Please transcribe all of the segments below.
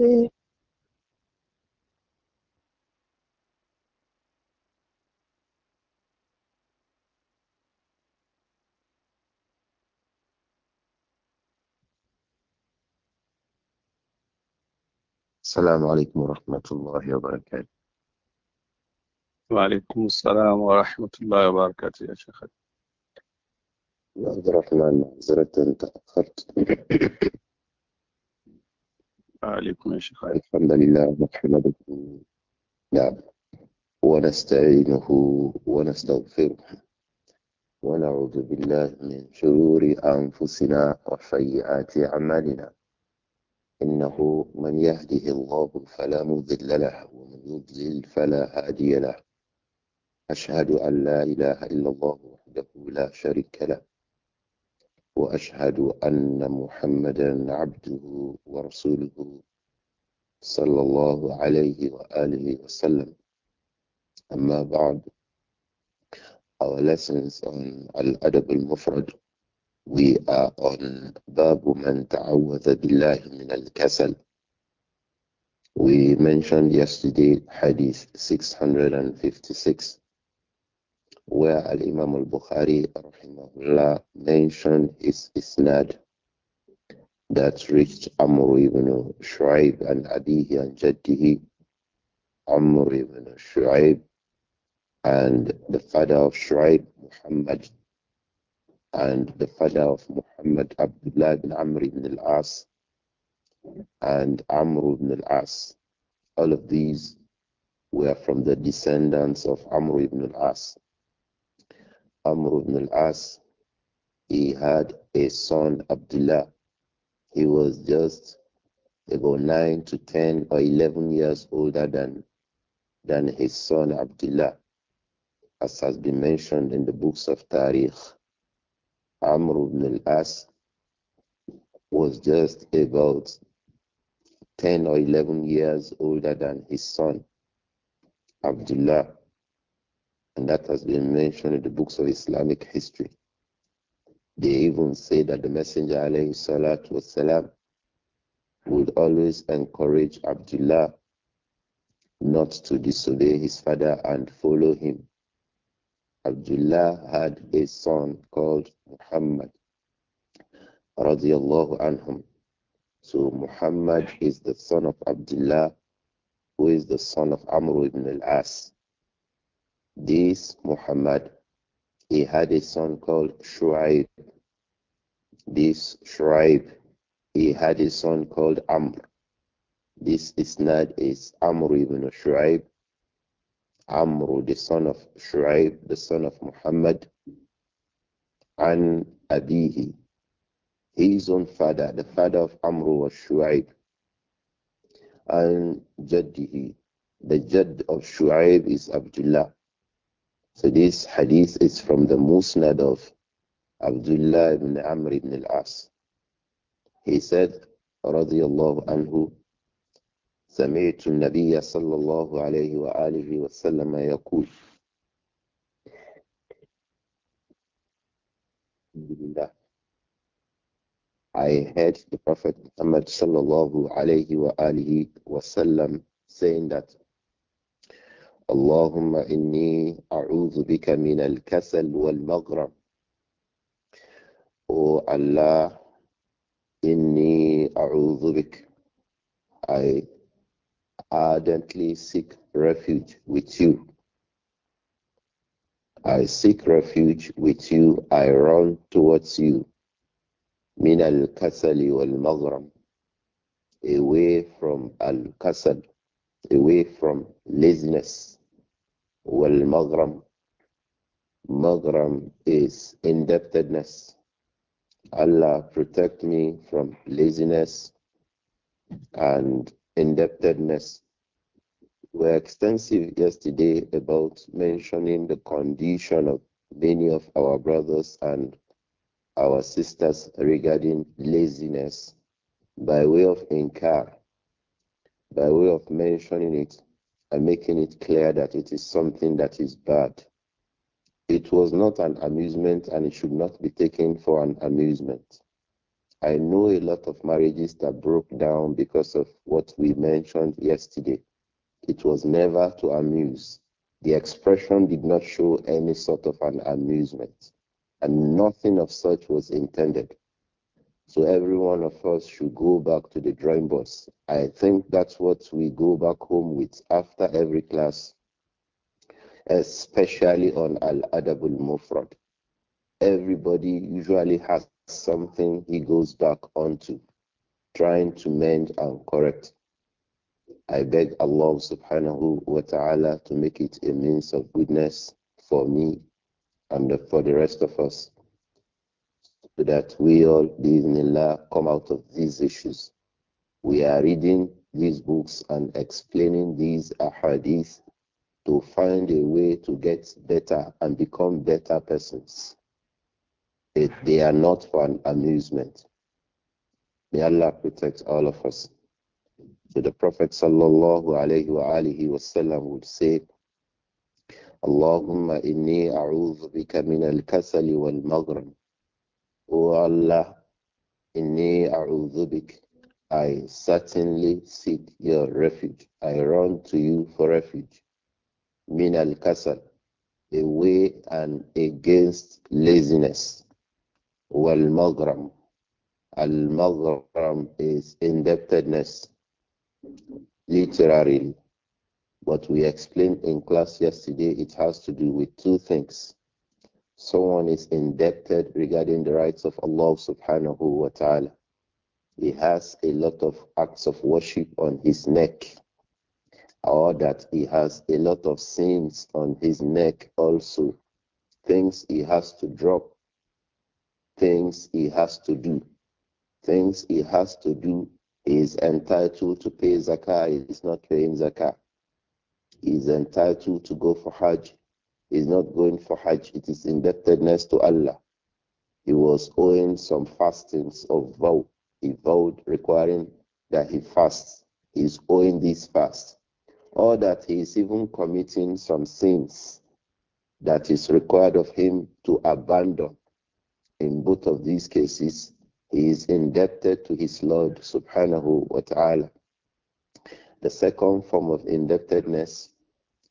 إيه. السلام عليكم ورحمة الله وبركاته وعليكم السلام ورحمة الله وبركاته يا شيخ عبد الرحمن معذرة تأخرت عليكم يا شيخ الحمد لله نحمده نعم ونستعينه ونستغفره ونعوذ بالله من شرور أنفسنا وسيئات أعمالنا إنه من يهده الله فلا مضل له ومن يضلل فلا هادي له أشهد أن لا إله إلا الله وحده لا شريك له واشهد ان محمدا عبده ورسوله صلى الله عليه واله وسلم اما بعد our lessons on al-adab al-mufrad we are on باب من تعوذ بالله من الكسل we mentioned yesterday hadith 656 where Al Imam al Bukhari rahimahullah, mentioned his isnad that reached Amr ibn Shu'aib and Abihi and Jaddihi. Amr ibn Shu'aib and the father of Shu'aib, Muhammad, and the father of Muhammad, Abdullah ibn Amr ibn al-As, and Amr ibn al-As. All of these were from the descendants of Amr ibn al-As. Amr ibn al-As, he had a son, Abdullah. He was just about 9 to 10 or 11 years older than, than his son, Abdullah. As has been mentioned in the books of Tariq, Amr ibn al-As was just about 10 or 11 years older than his son, Abdullah. And that has been mentioned in the books of Islamic history. They even say that the Messenger والسلام, would always encourage Abdullah not to disobey his father and follow him. Abdullah had a son called Muhammad radiallahu anhum. So Muhammad is the son of Abdullah, who is the son of Amr ibn al-As. This Muhammad, he had a son called Shu'aib. This Shu'aib, he had a son called Amr. This not is Amr ibn Shu'aib. Amr, the son of Shu'aib, the son of Muhammad, and Abihi, his own father, the father of Amr was Shu'aib, and Jaddihi, the Jadd of Shu'aib is Abdullah. So this hadith is from the Musnad of Abdullah ibn Amr ibn al-As. He said, رضي الله عنه سمعت النبي صلى الله عليه وآله وسلم يقول I heard the Prophet Muhammad sallallahu alayhi wasallam saying that اللهم إني أعوذ بك من الكسل والمغرم O Allah, inni a'udhu I ardently seek refuge with you. I seek refuge with you. I run towards you. Min al kasali wal Away from al kasal, away from laziness, Wal-Maghram. Maghram is indebtedness. Allah protect me from laziness and indebtedness. We were extensive yesterday about mentioning the condition of many of our brothers and our sisters regarding laziness by way of inkar, by way of mentioning it and making it clear that it is something that is bad. It was not an amusement and it should not be taken for an amusement. I know a lot of marriages that broke down because of what we mentioned yesterday. It was never to amuse. The expression did not show any sort of an amusement, and nothing of such was intended. So every one of us should go back to the drawing board. I think that's what we go back home with after every class, especially on Al Adabul Mufrad. Everybody usually has something he goes back onto, trying to mend and correct. I beg Allah subhanahu wa ta'ala to make it a means of goodness for me and for the rest of us so that we all, bi'idhnillah, come out of these issues. We are reading these books and explaining these ahadith to find a way to get better and become better persons. It, they are not for an amusement. May Allah protect all of us. So the Prophet sallallahu alayhi wa alihi wasallam would say, Allahumma inni a'udhu bika min al-kasali O Allah, inni a'udhubik. I certainly seek your refuge. I run to you for refuge. Min al kasal, away and against laziness. Wal maghram. Al maghram is indebtedness, literally. What we explained in class yesterday, it has to do with two things someone is indebted regarding the rights of Allah subhanahu wa ta'ala. He has a lot of acts of worship on his neck, or that he has a lot of sins on his neck also, things he has to drop, things he has to do, things he has to do. He is entitled to pay zakah, he is not paying zakah. He is entitled to go for hajj, is not going for Hajj, it is indebtedness to Allah. He was owing some fastings of vow. He vowed requiring that he fasts. He is owing this fast. Or that he is even committing some sins that is required of him to abandon. In both of these cases, he is indebted to his Lord subhanahu wa ta'ala. The second form of indebtedness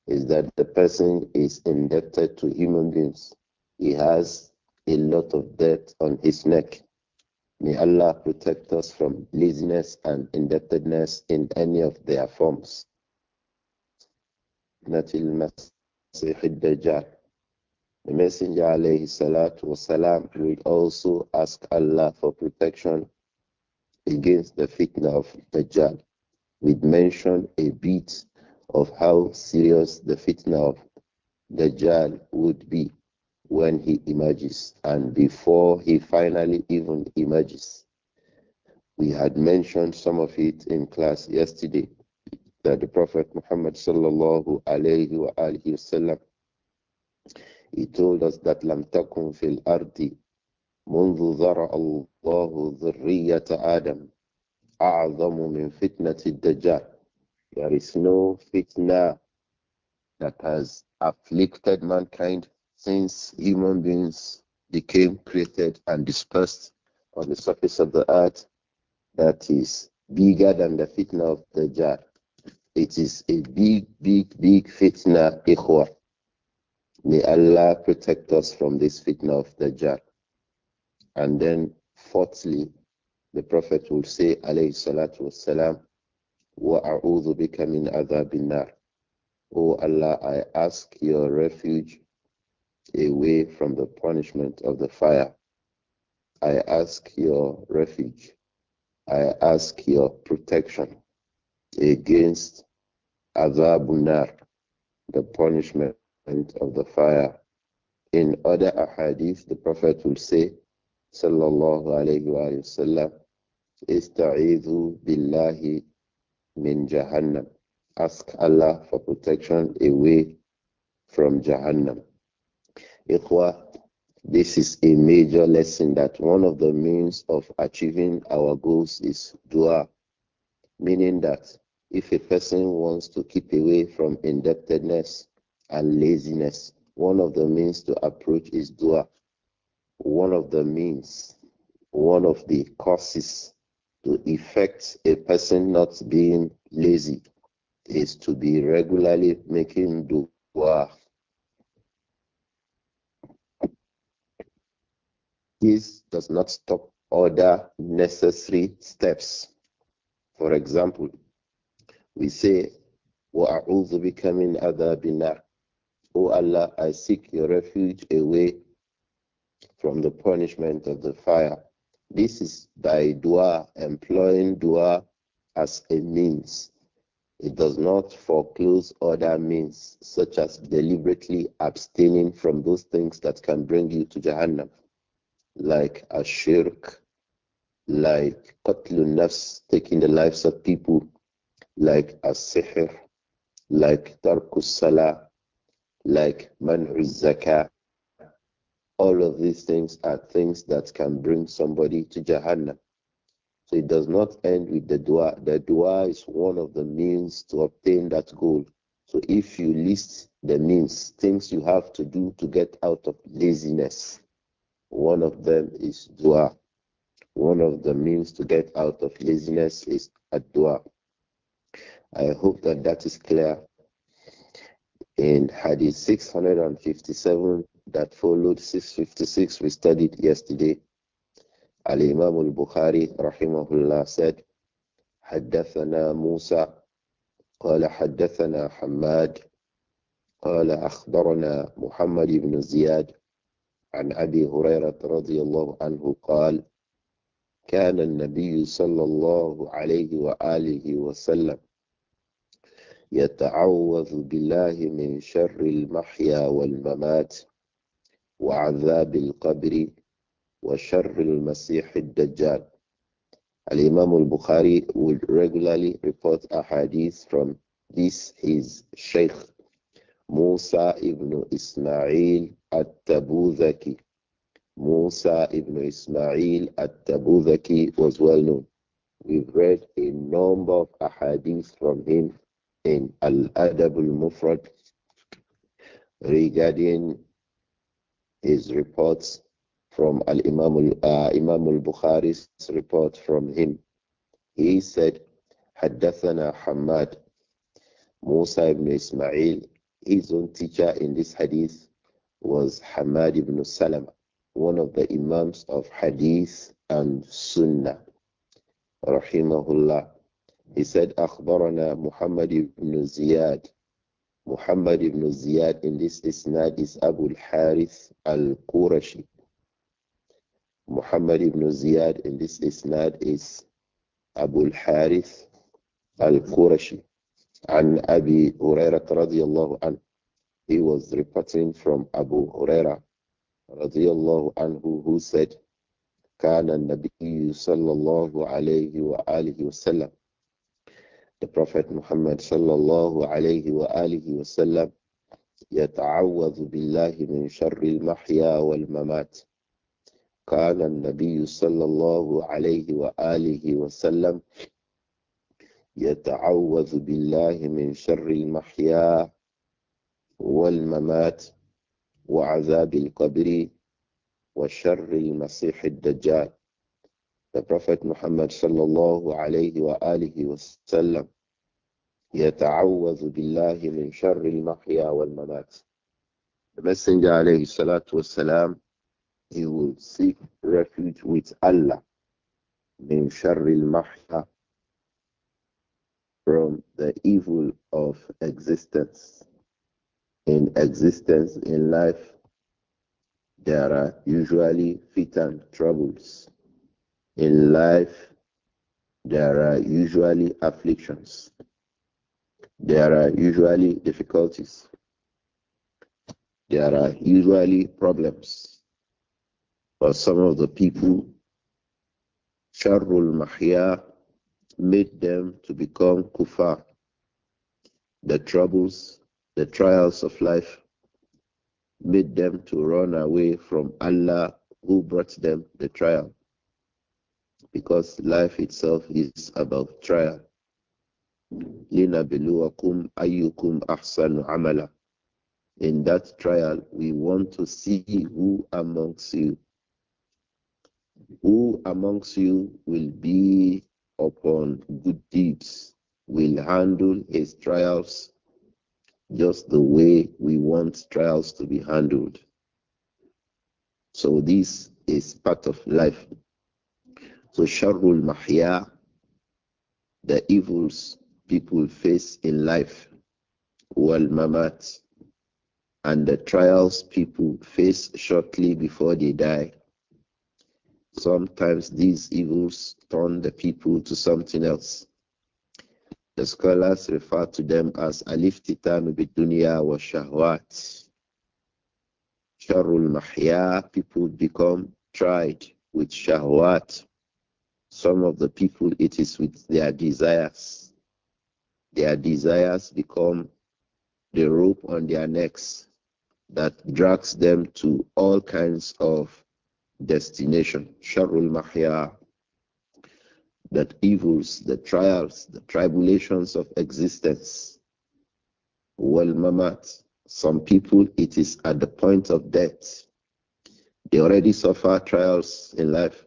is that the person is indebted to human beings. He has a lot of debt on his neck. May Allah protect us from laziness and indebtedness in any of their forms. The Messenger alayhi salatu wasalam will also ask Allah for protection against the fitna of Dajjal. We'd mentioned a bit of how serious the fitna of Dajjal would be when he emerges and before he finally even emerges. We had mentioned some of it in class yesterday that the Prophet Muhammad sallallahu alayhi wa wasallam he told us that لم تكن في الأرض منذ ذرأ الله ذرية آدم أعظم من فتنة الدجال there is no fitna that has afflicted mankind since human beings became created and dispersed on the surface of the earth that is bigger than the fitna of the jar. It is a big, big, big fitna, ikhwa. May Allah protect us from this fitna of the jar. And then, fourthly, the Prophet will say, alayhi salatu wasalam, وَأَعُوذُ بِكَ مِنْ عَذَابِ النَّارِ O Allah, I ask your refuge away from the punishment of the fire. I ask your refuge. I ask your protection against Azabunar, the punishment of the fire. In other ahadith, the Prophet will say, Sallallahu alayhi wa sallam, Ista'idhu billahi min Jahannam. Ask Allah for protection away from Jahannam. Ikhwa, this is a major lesson that one of the means of achieving our goals is dua, meaning that if a person wants to keep away from indebtedness and laziness, one of the means to approach is dua. One of the means, one of the causes to effect a person not being lazy is to be regularly making dua. This does not stop other necessary steps. For example, we say, وَأَعُوذُ بِكَ مِنْ عَذَابِ النَّارِ O Allah, I seek your refuge away from the punishment of the fire. This is by dua, employing dua as a means. It does not foreclose other means, such as deliberately abstaining from those things that can bring you to Jahannam, like a shirk, like qatlun nafs, taking the lives of people, like a sihr, like tarkus salah, like man'u zakah, all of these things are things that can bring somebody to Jahannam. So it does not end with the dua. The dua is one of the means to obtain that goal. So if you list the means, things you have to do to get out of laziness, one of them is dua. One of the means to get out of laziness is dua. I hope that that is clear. In Hadith 657, that followed 656 we studied yesterday, Al Imam al Bukhari rahimahullah said, حدثنا موسى قال حدثنا حماد قال أخبرنا محمد بن زياد عن أبي هريرة رضي الله عنه قال كان النبي صلى الله عليه وآله وسلم يتعوذ بالله من شر المحيا والممات وعذاب القبر وشر المسيح الدجال Al-Imam al-Bukhari would regularly report a hadith from this his sheikh, Musa ibn Ismail at-Tabuzaki. Musa ibn Ismail at-Tabuzaki was well known. We've read a number of ahadith from him in Al-Adab al-Mufrad regarding his reports from Al uh, Imam Al Bukhari's report from him. He said, "Haddathana Hamad Musa ibn Ismail." His own teacher in this hadith was Hamad ibn Salama, one of the imams of hadith and sunnah. Rahimahullah. He said, "Akhbarana Muhammad ibn Ziyad." Muhammad ibn Ziyad in this isnad is Abu al-Harith al-Qurashi. Muhammad ibn Ziyad in this isnad is Abu al-Harith al-Qurashi. An Abi Huraira radiyallahu anhu. He was reporting from Abu Huraira radiyallahu anhu who said, كان النبي صلى الله عليه وآله وسلم The Prophet Muhammad sallallahu alayhi wa alihi wa sallam يتعوذ بالله من شر المحيا والممات كان النبي صلى الله عليه وآله وسلم يتعوذ بالله من شر المحيا والممات وعذاب القبر وشر المسيح الدجال the Prophet Muhammad sallallahu alayhi wa alihi wasallam يتعوذ بالله من شر المحيا والممات The Messenger alayhi salatu wasalam he will seek refuge with Allah من شر المحيا from the evil of existence. In existence, in life, there are usually fitan troubles. In life, there are usually afflictions, there are usually difficulties, there are usually problems. But some of the people, Sharul Mahya made them to become kuffar. The troubles, the trials of life made them to run away from Allah who brought them the trial because life itself is about trial. In that trial, we want to see who amongst you, who amongst you will be upon good deeds, will handle his trials just the way we want trials to be handled. So this is part of life. So sharrul mahya, the evils people face in life, wal mamat, and the trials people face shortly before they die. Sometimes these evils turn the people to something else. The scholars refer to them as alif tita bidunya wa shahwat. Sharul mahya, people become tried with shahwat, some of the people, it is with their desires. Their desires become the rope on their necks that drags them to all kinds of destination. Sharul Mahya, that evils, the trials, the tribulations of existence. Well, Mamat, some people, it is at the point of death. They already suffer trials in life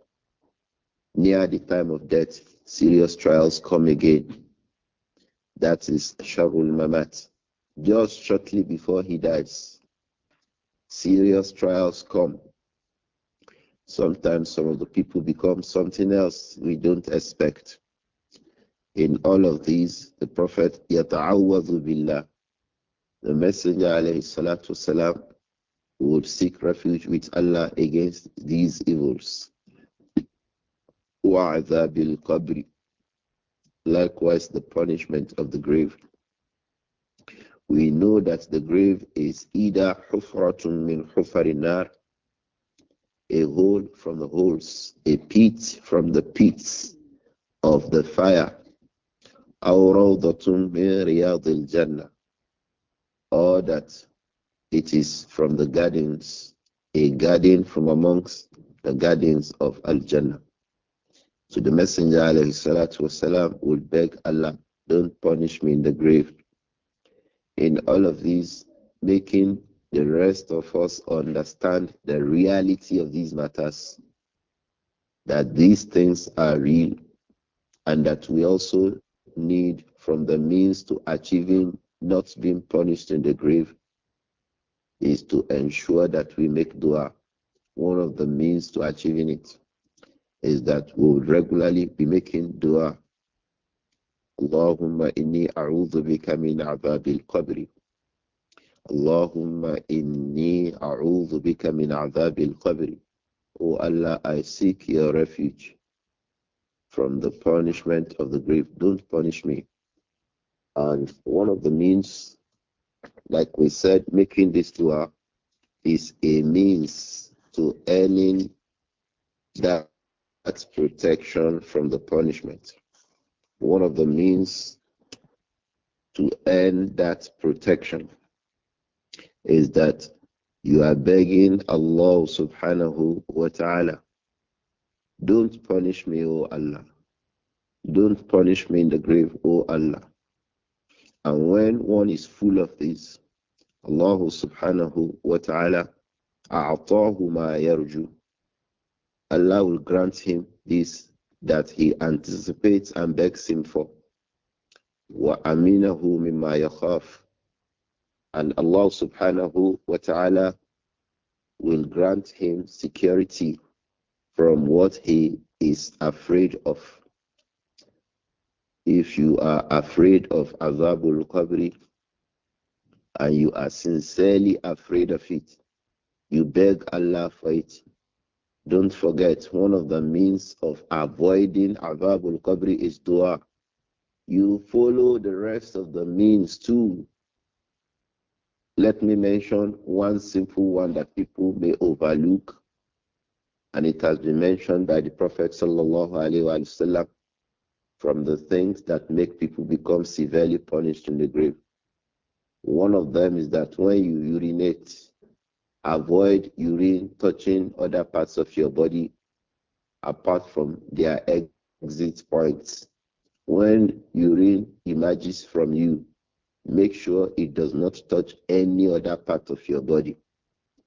near the time of death, serious trials come again. That is Sharul Mamat. Just shortly before he dies, serious trials come. Sometimes some of the people become something else we don't expect. In all of these, the Prophet Yata'awwadhu Billah, the Messenger alayhi salatu salam, would seek refuge with Allah against these evils. Likewise, the punishment of the grave. We know that the grave is either حُفْرَةٌ min حُفَرِ a hole from the holes, a pit from the pits of the fire, or that it is from the gardens, a garden from amongst the gardens of Al Jannah. So the Messenger والسلام, would beg Allah, don't punish me in the grave. In all of these, making the rest of us understand the reality of these matters, that these things are real, and that we also need from the means to achieving not being punished in the grave is to ensure that we make dua one of the means to achieving it is that we will regularly be making dua. Allahumma inni a'udhu bika min adhabil qabri. Allahumma inni a'udhu bika min adhabil qabri. O Allah, I seek your refuge from the punishment of the grave. Don't punish me. And one of the means, like we said, making this dua is a means to earning that at protection from the punishment. One of the means to earn that protection is that you are begging Allah subhanahu wa ta'ala, don't punish me, O Allah. Don't punish me in the grave, O Allah. And when one is full of this, Allah subhanahu wa ta'ala أعطاه ما يرجو Allah will grant him this that he anticipates and begs him for. وَأَمِنَهُ مِمَّا يَخَافُ And Allah subhanahu wa ta'ala will grant him security from what he is afraid of. If you are afraid of Azabul Qabri and you are sincerely afraid of it, you beg Allah for it, don't forget, one of the means of avoiding Azabul recovery is dua. You follow the rest of the means too. Let me mention one simple one that people may overlook, and it has been mentioned by the Prophet wasallam from the things that make people become severely punished in the grave. One of them is that when you urinate, Avoid urine touching other parts of your body apart from their exit points. When urine emerges from you, make sure it does not touch any other part of your body.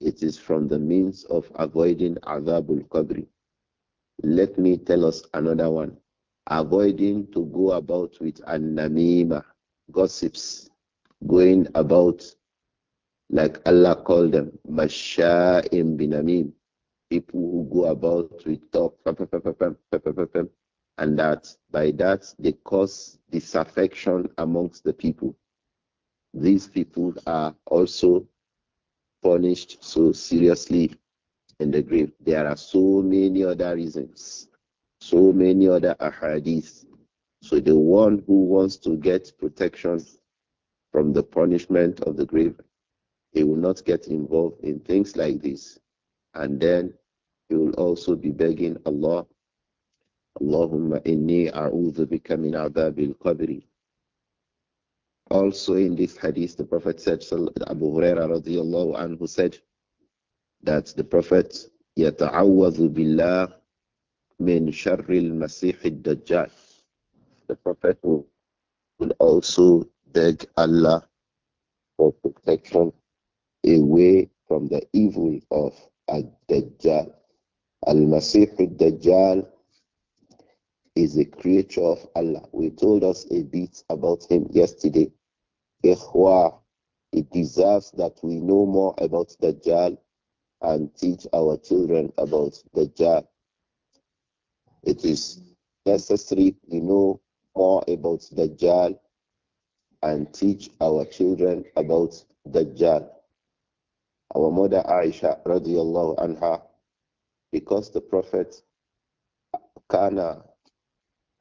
It is from the means of avoiding adabul qabri. Let me tell us another one. Avoiding to go about with an namima, gossips, going about like Allah called them, Masha'im binamim, people who go about with talk, and that by that they cause disaffection amongst the people. These people are also punished so seriously in the grave. There are so many other reasons, so many other ahadith. So the one who wants to get protection from the punishment of the grave he will not get involved in things like this. And then he will also be begging Allah, Allahumma inni a'udhu bika min adabil qabri. Also in this hadith, the Prophet said, Abu Huraira radiallahu anhu said that the Prophet يتعوذ بالله من شر المسيح dajjal The Prophet will also beg Allah for protection away from the evil of Ad-Dajjal. Al-Masih Ad-Dajjal is a creature of Allah. We told us a bit about him yesterday. Ikhwa, it deserves that we know more about Dajjal and teach our children about Dajjal. It is necessary we know more about Dajjal and teach our children about Dajjal our mother Aisha radiallahu anha, because the Prophet Kana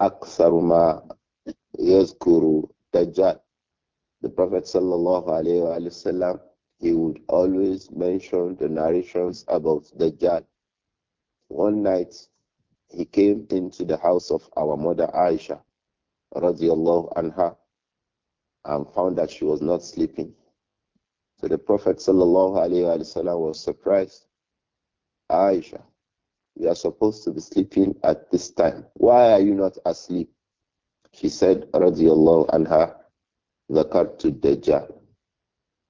Aksaruma Yazkuru Dajjal, the Prophet sallallahu alayhi wa sallam, he would always mention the narrations about Dajjal. One night, he came into the house of our mother Aisha radiallahu anha and found that she was not sleeping so the Prophet وسلم, was surprised. Aisha, you are supposed to be sleeping at this time. Why are you not asleep? She said, Radiallahu anha, to Dajjal.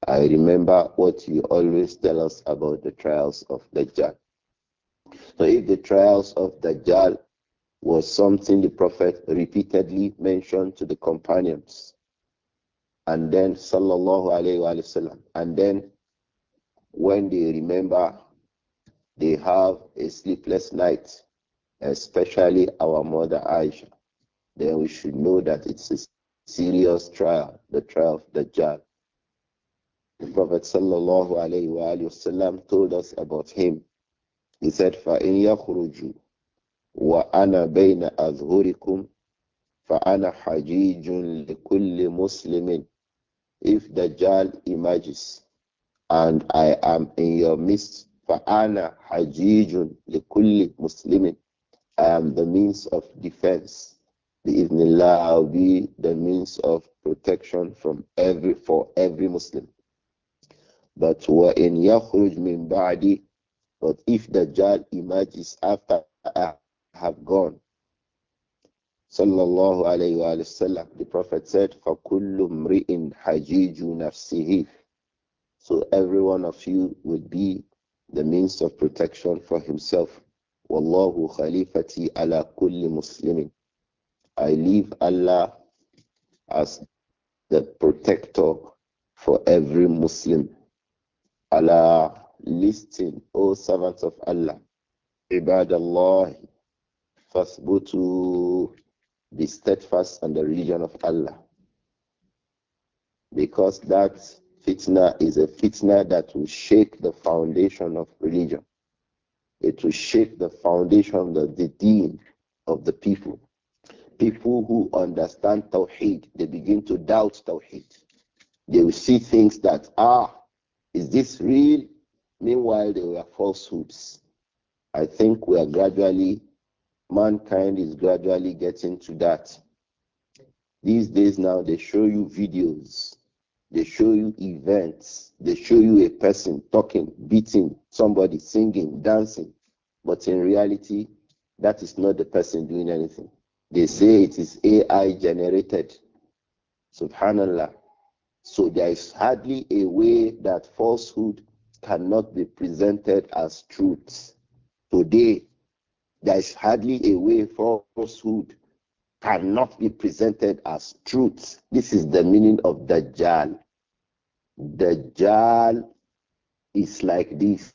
I remember what you always tell us about the trials of Dajjal. So if the trials of Dajjal was something the Prophet repeatedly mentioned to the companions, and then, sallallahu alayhi wa sallam, and then when they remember they have a sleepless night, especially our mother Aisha, then we should know that it's a serious trial, the trial of the Dajjal. The Prophet sallallahu alayhi wa sallam told us about him. He said, فَإِنْ يَخْرُجُوا وَأَنَا بَيْنَ أَظْهُرِكُمْ فَأَنَا حَجِيجٌ لِكُلِّ مُسْلِمٍ if the Dajjal emerges and I am in your midst, فَأَنَا حَجِيجٌ لِكُلِّ muslimin, I am the means of defense. The Bi'idhnillah, I'll be the means of protection from every for every Muslim. But in يَخْرُجْ مِنْ بَعْدِي But if the Dajjal emerges after I have gone, Sallallahu alayhi wa sallam, the Prophet said, فَكُلُّ مْرِئٍ حَجِيجُ نَفْسِهِ So every one of you would be the means of protection for himself. وَاللَّهُ خَلِيفَتِي عَلَى كُلِّ مُسْلِمٍ I leave Allah as the protector for every Muslim. Allah, listing O servants of Allah. عباد الله فاثبتوا be steadfast on the religion of Allah. Because that fitna is a fitna that will shake the foundation of religion. It will shake the foundation of the deen of the people. People who understand Tawheed, they begin to doubt Tawheed. They will see things that, ah, is this real? Meanwhile, they were falsehoods. I think we are gradually mankind is gradually getting to that. These days now, they show you videos, they show you events, they show you a person talking, beating somebody, singing, dancing. But in reality, that is not the person doing anything. They say it is AI generated. Subhanallah. So there is hardly a way that falsehood cannot be presented as truth. Today, there is hardly a way falsehood cannot be presented as truth. This is the meaning of Dajjal. Dajjal is like this.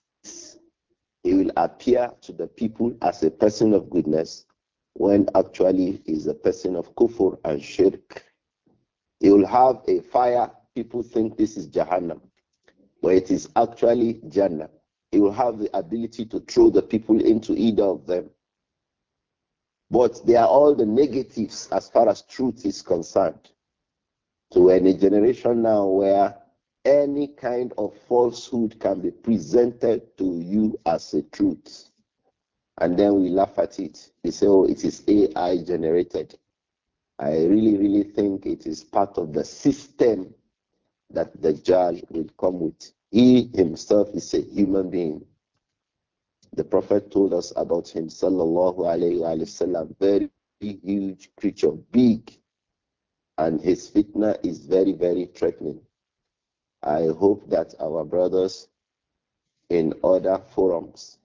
He will appear to the people as a person of goodness when actually he is a person of kufur and shirk. He will have a fire. People think this is Jahannam, but it is actually Jannah. He will have the ability to throw the people into either of them. But they are all the negatives as far as truth is concerned. To any generation now where any kind of falsehood can be presented to you as a truth. And then we laugh at it. We say, oh, it is AI generated. I really, really think it is part of the system that the judge will come with. He himself is a human being. The Prophet told us about him, sallallahu alayhi wasallam, very huge creature, big, and his fitna is very, very threatening. I hope that our brothers in other forums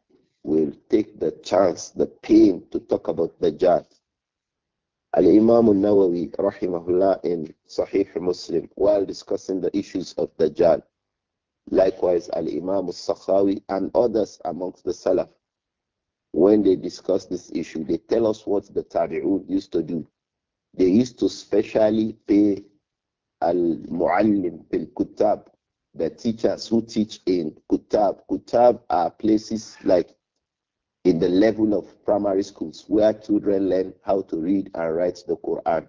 will take the chance, the pain to talk about the Dajjal. Al-Imam al-Nawawi, rahimahullah, in Sahih Muslim, while discussing the issues of the Dajjal, Likewise, Al Imam al Sakhawi and others amongst the Salaf, when they discuss this issue, they tell us what the Tabi'un used to do. They used to specially pay Al Mu'allim bil Kutab, the teachers who teach in Kutab. Kutab are places like in the level of primary schools where children learn how to read and write the Quran.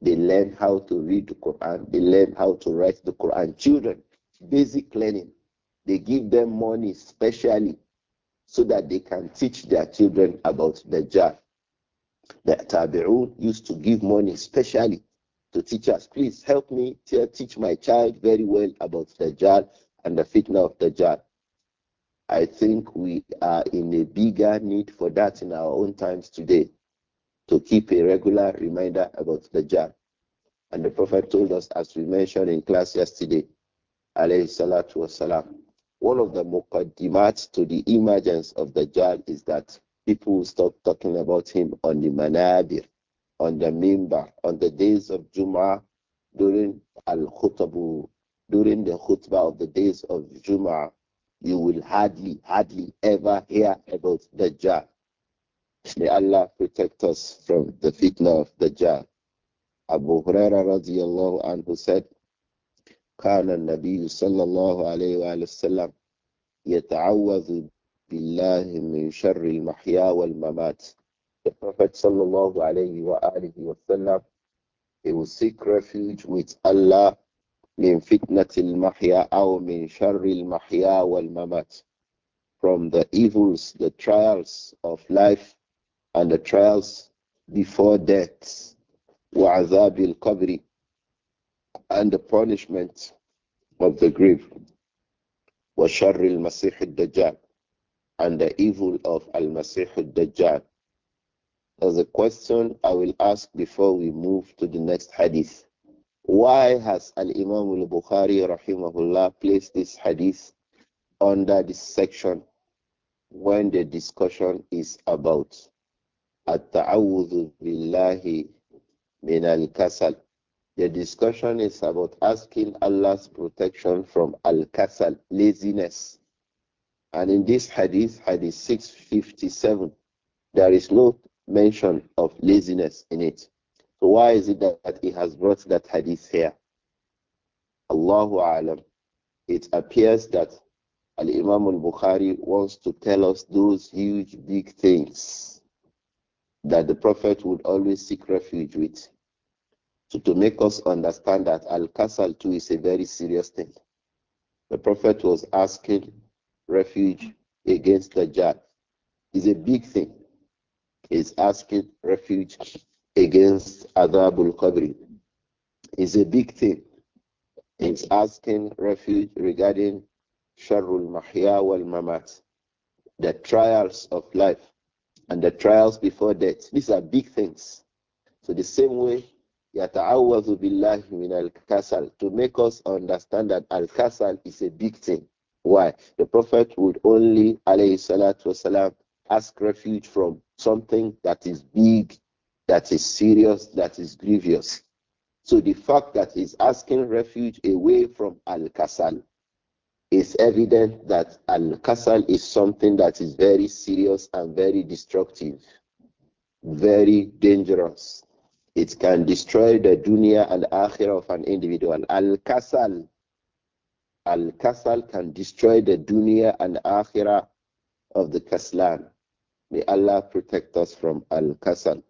They learn how to read the Quran, they learn how to write the Quran. Children, basic learning. They give them money specially so that they can teach their children about Dajjal. The Tabi'un used to give money specially to teachers. Please help me teach my child very well about Dajjal and the fitna of Dajjal. I think we are in a bigger need for that in our own times today to keep a regular reminder about Dajjal. And the Prophet told us, as we mentioned in class yesterday, alayhi salatu wasalam, one of the muqaddimat to the emergence of the Dajjal is that people stop talking about him on the manabir, on the mimbar, on the days of Jum'ah, during al-khutabu, during the khutbah of the days of Jum'ah, you will hardly, hardly ever hear about the Dajjal. May Allah protect us from the fitna of the Dajjal. Abu Huraira radiallahu anhu said, كان النبي صلى الله عليه وآله وسلم يتعوذ بالله من شر المحيا والممات The Prophet صلى الله عليه وآله وسلم he will seek refuge with Allah من فتنة المحيا أو من شر المحيا والممات from the evils, the trials of life and the trials before death وعذاب القبر and the punishment of the grave. وَشَرِّ الْمَسِيحِ الدَّجَّالِ And the evil of Al-Masih al There's a question I will ask before we move to the next hadith. Why has Al-Imam al-Bukhari rahimahullah placed this hadith under this section when the discussion is about at-ta'awudhu billahi min al the discussion is about asking Allah's protection from al kasal, laziness. And in this hadith, hadith 657, there is no mention of laziness in it. So why is it that, that he has brought that hadith here? Allahu alam. It appears that Al Imam Al Bukhari wants to tell us those huge, big things that the Prophet would always seek refuge with. So to make us understand that Al-Kasal too is a very serious thing. The Prophet was asking refuge against the Jad. It's a big thing. He's asking refuge against Adabul Qabri. It's a big thing. He's asking refuge regarding Sharul Mahya wal Mamat, the trials of life and the trials before death. These are big things. So the same way yata'awwadhu billahi min al-kasal to make us understand that al-kasal is a big thing. Why? The Prophet would only, alayhi salatu wasalam, ask refuge from something that is big, that is serious, that is grievous. So the fact that he's asking refuge away from al-kasal is evident that al-kasal is something that is very serious and very destructive, very dangerous. It can destroy the dunya and akhirah of an individual. Al kasal. Al kasal can destroy the dunya and akhirah of the kaslan. May Allah protect us from al kasal.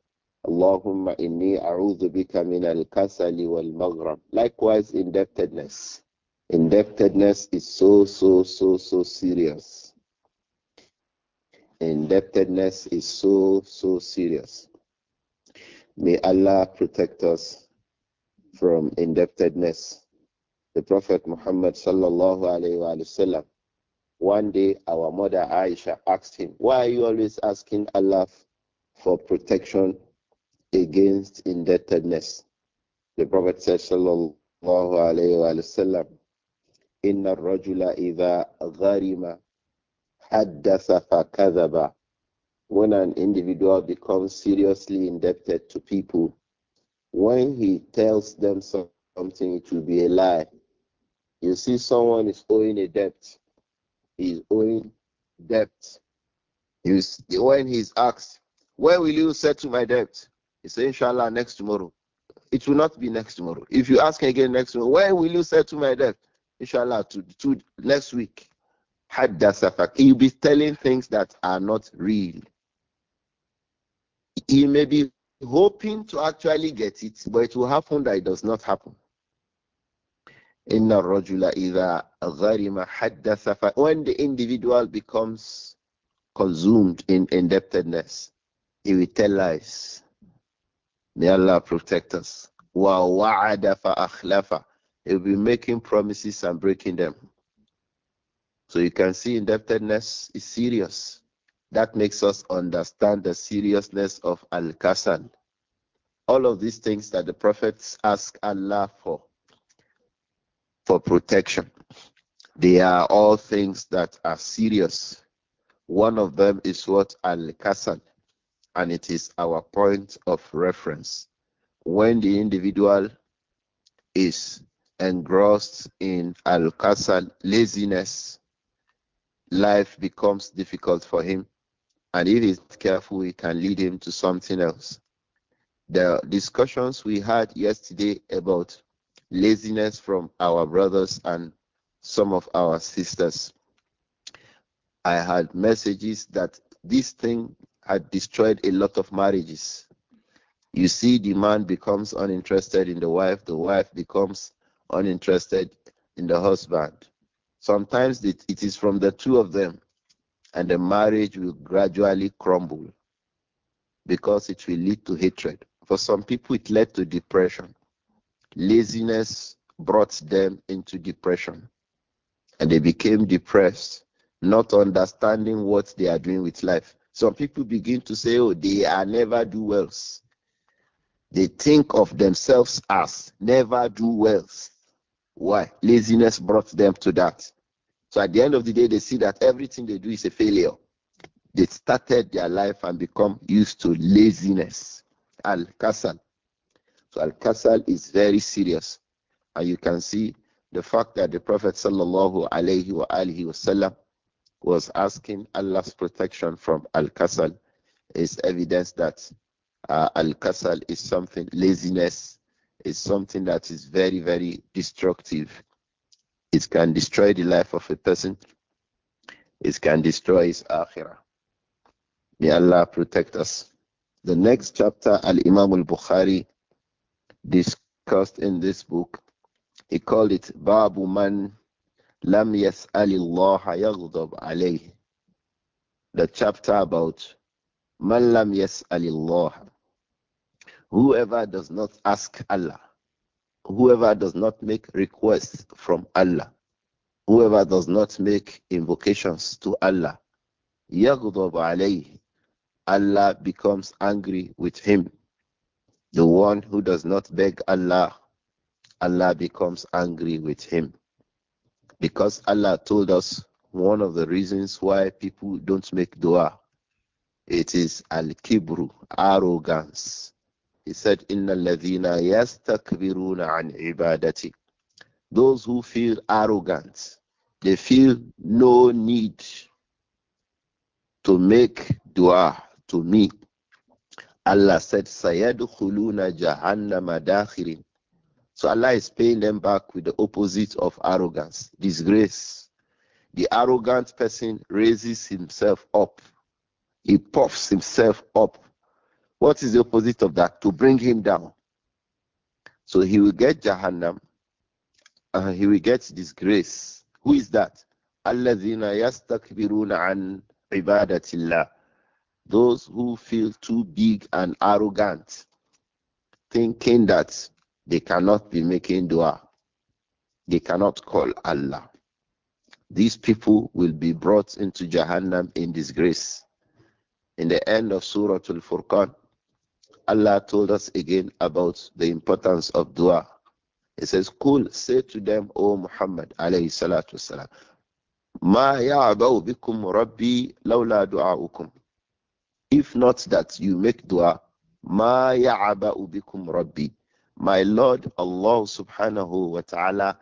Allahumma inni a'udhu bika min al kasali wal maghram. Likewise, indebtedness. Indebtedness is so, so, so, so serious. Indebtedness is so, so serious. May Allah protect us from indebtedness. The Prophet Muhammad sallallahu one day our mother Aisha asked him, Why are you always asking Allah for protection against indebtedness? The Prophet said sallallahu alayhi wa Inna rajula idha gharima haddatha fakadhaba when an individual becomes seriously indebted to people, when he tells them something, it will be a lie. You see, someone is owing a debt. He's owing debt. You see, when he's asked, When will you settle my debt? He says, Inshallah, next tomorrow. It will not be next tomorrow. If you ask again next tomorrow, When will you settle my debt? Inshallah, to, to next week. You'll be telling things that are not real. He may be hoping to actually get it, but it will happen that it does not happen. Inna rajula idha gharima haddatha. When the individual becomes consumed in indebtedness, he will tell lies. May Allah protect us. Wa wa'ada fa akhlafa. He will be making promises and breaking them. So you can see indebtedness is serious. That makes us understand the seriousness of Al Qasan. All of these things that the prophets ask Allah for, for protection, they are all things that are serious. One of them is what Al Qasan, and it is our point of reference. When the individual is engrossed in Al Qasan laziness, life becomes difficult for him and if he's careful, it can lead him to something else. The discussions we had yesterday about laziness from our brothers and some of our sisters. I had messages that this thing had destroyed a lot of marriages. You see, the man becomes uninterested in the wife, the wife becomes uninterested in the husband. Sometimes it, it is from the two of them and the marriage will gradually crumble because it will lead to hatred. For some people, it led to depression. Laziness brought them into depression and they became depressed, not understanding what they are doing with life. Some people begin to say, Oh, they are never do wells. They think of themselves as never do wells. Why? Laziness brought them to that. So at the end of the day, they see that everything they do is a failure. They started their life and become used to laziness. Al Kasal. So Al Kasal is very serious. And you can see the fact that the Prophet sallallahu alaihi wasallam was asking Allah's protection from Al Kasal is evidence that uh, Al Kasal is something, laziness is something that is very, very destructive it can destroy the life of a person. It can destroy his akhirah. May Allah protect us. The next chapter, Al Imam al Bukhari discussed in this book, he called it Babu Man Lam Yas'al Allah Yaghdab alayh. The chapter about Man Lam Yas'al Whoever does not ask Allah, whoever does not make requests from Allah, whoever does not make invocations to Allah, yaghdab alayhi, Allah becomes angry with him. The one who does not beg Allah, Allah becomes angry with him. Because Allah told us one of the reasons why people don't make dua. It is al-kibru, arrogance. He said, Inna ladhina yastakbiruna an ibadati. Those who feel arrogant, they feel no need to make dua to me. Allah said, Sayadkhuluna jahannama dakhirin. So Allah is paying them back with the opposite of arrogance, disgrace. The arrogant person raises himself up. He puffs himself up what is the opposite of that? To bring him down. So he will get Jahannam uh, he will get disgrace. Who is that? Alladhina yastakbiruna an ibadatillah. Those who feel too big and arrogant, thinking that they cannot be making dua, they cannot call Allah. These people will be brought into Jahannam in disgrace. In the end of Surah Al Furqan, Allah told us again about the importance of dua. He says, Cool, say to them, O Muhammad, alayhi salatu wasalam, Ma ya'bau bikum rabbi lawla du'a'ukum. If not that you make dua, Ma ya'bau bikum rabbi. My Lord, Allah subhanahu wa ta'ala,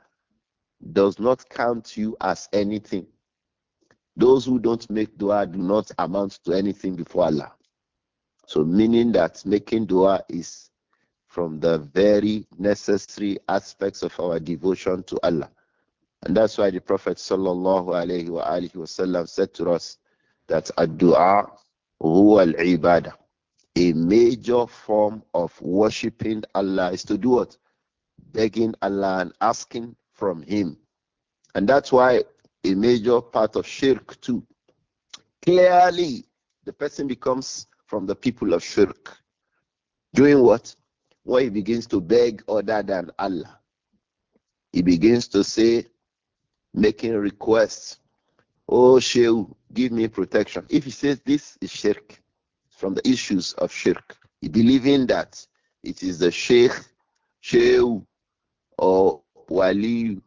does not count you as anything. Those who don't make dua do not amount to anything before Allah. So, meaning that making dua is from the very necessary aspects of our devotion to Allah. And that's why the Prophet sallallahu alaihi wa wasallam said to us that ad-du'a huwa al-ibadah. A major form of worshipping Allah is to do what? Begging Allah and asking from Him. And that's why a major part of shirk too. Clearly, the person becomes from the people of shirk. Doing what? When he begins to beg other than Allah, he begins to say, making requests, Oh Shehu, give me protection. If he says this is shirk, from the issues of shirk, believing that it is the sheikh, Shehu, or wali,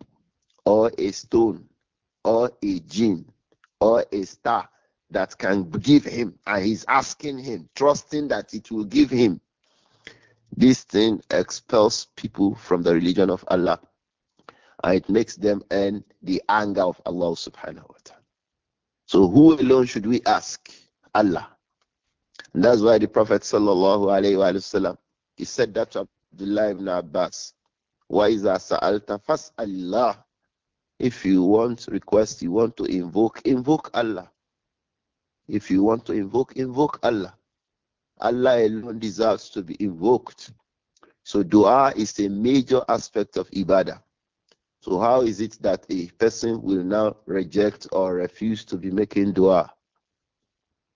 or a stone, or a jinn, or a star that can give him, and he's asking him, trusting that it will give him. This thing expels people from the religion of Allah and it makes them end the anger of Allah subhanahu wa ta'ala. So, who alone should we ask? Allah. And that's why the Prophet sallallahu alayhi Wasallam he said that to Abdullah ibn Abbas. is سَأَلْتَ فَاسْأَلِ Allah? If you want request, you want to invoke, invoke Allah. If you want to invoke, invoke Allah. Allah alone deserves to be invoked. So dua is a major aspect of ibadah. So how is it that a person will now reject or refuse to be making dua?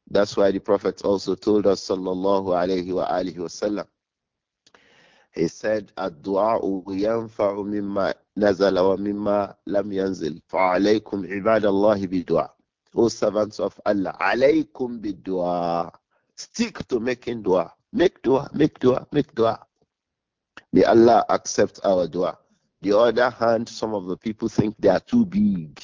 That's why the Prophet also told us, sallallahu alayhi wa wa wasallam. He said, "Ad-du'a'u yanfa'u mimma nazala wa mimma lam yanzil. Fa'alaykum ibadallahi bi-du'a." O servants of Allah, alaykum bidua. Stick to making dua. Make dua, make dua, make dua. May Allah accept our dua. The other hand, some of the people think they are too big,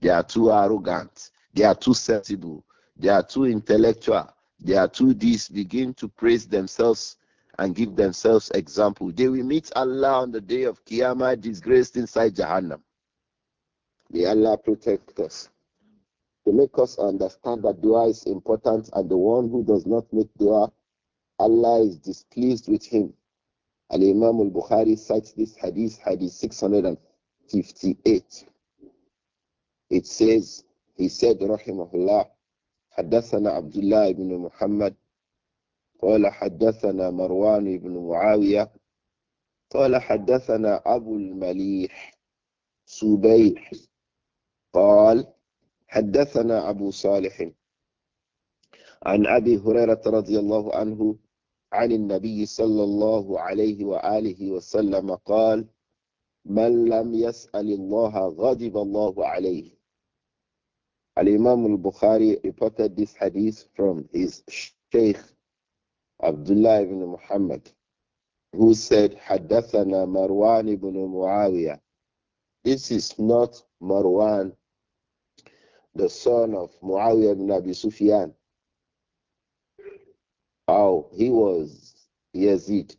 they are too arrogant, they are too sensible, they are too intellectual, they are too this. Begin to praise themselves and give themselves example. They will meet Allah on the day of Qiyamah, disgraced inside Jahannam. May Allah protect us to make us understand that dua is important and the one who does not make dua, Allah is displeased with him. Al Imam al Bukhari cites this hadith, hadith 658. It says, he said, Rahimahullah, حدثنا عبد الله بن محمد قال حدثنا مروان بن معاوية قال حدثنا أبو المليح سبيح قال حدثنا أبو صالح عن أبي هريرة رضي الله عنه عن النبي صلى الله عليه وآله وسلم قال من لم يسأل الله غضب الله عليه Al-Imam bukhari reported this hadith from his Shaykh Abdullah ibn Muhammad who said حدثنا مروان بن معاوية." This is not Marwan the son of Muawiyah ibn Abi Sufyan. Oh, he was Yazid.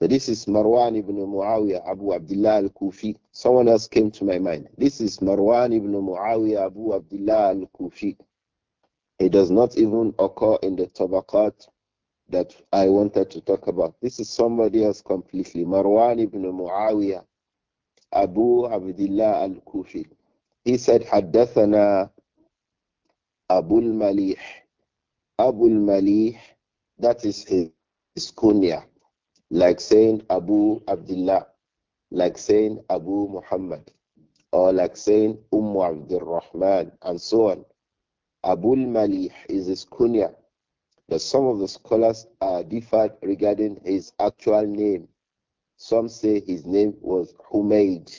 So this is Marwan ibn Muawiyah Abu Abdullah al-Kufi. Someone else came to my mind. This is Marwan ibn Muawiyah Abu Abdullah al-Kufi. He does not even occur in the Tabaqat that I wanted to talk about. This is somebody else completely. Marwan ibn Muawiyah Abu Abdullah al-Kufi. He said, Haddathana Abul Malih. Abul Malih, that is his, kunya. Like saying Abu Abdullah, like saying Abu Muhammad, or like saying Umm Abdul Rahman, and so on. Abul Malih is his kunya. But some of the scholars are differed regarding his actual name. Some say his name was Humaid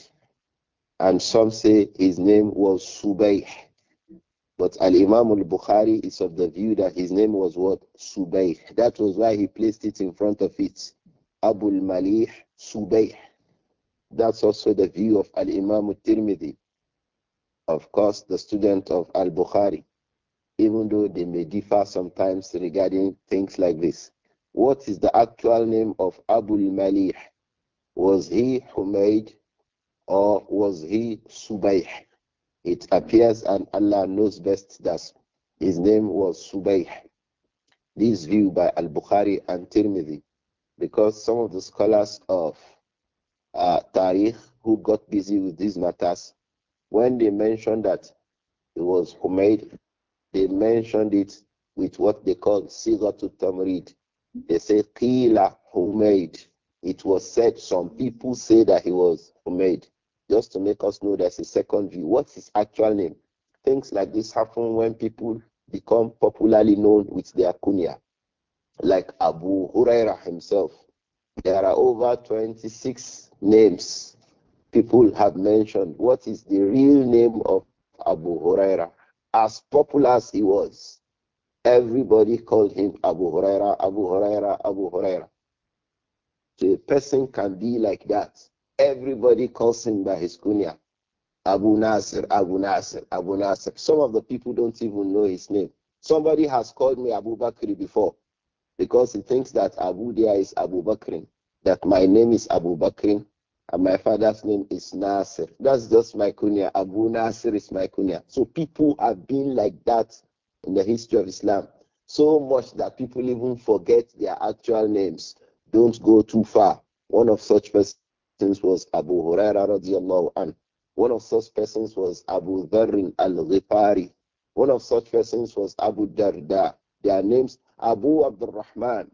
and some say his name was Subayh. But Al Imam al Bukhari is of the view that his name was what? Subayh. That was why he placed it in front of it. Abu al Malih Subayh. That's also the view of Al Imam al Tirmidhi. Of course, the student of Al Bukhari, even though they may differ sometimes regarding things like this. What is the actual name of Abu al Malih? Was he Humayd or was he Subayh? It appears, and Allah knows best, that his name was Subayh. This view by Al Bukhari and Tirmidhi, because some of the scholars of uh, Tariq who got busy with these matters, when they mentioned that it was Humayd, they mentioned it with what they call Sigatu Tamrid. They say Qila Humayd. It was said, some people say that he was Humayd just to make us know there's a second view. What's his actual name? Things like this happen when people become popularly known with their kunya, like Abu Huraira himself. There are over 26 names people have mentioned. What is the real name of Abu Huraira? As popular as he was, everybody called him Abu Huraira, Abu Huraira, Abu Huraira. So a person can be like that Everybody calls him by his kunya. Abu Nasir, Abu Nasir, Abu Nasir. Some of the people don't even know his name. Somebody has called me Abu Bakri before because he thinks that Abu Dia is Abu Bakr, that my name is Abu Bakr, and my father's name is Nasir. That's just my kunya. Abu Nasir is my kunya. So people have been like that in the history of Islam. So much that people even forget their actual names. Don't go too far. One of such persons persons was Abu Huraira radiallahu anhu. One of such persons was Abu Dharr al-Ghifari. One of such persons was Abu Darda. Their names Abu Abdul Rahman.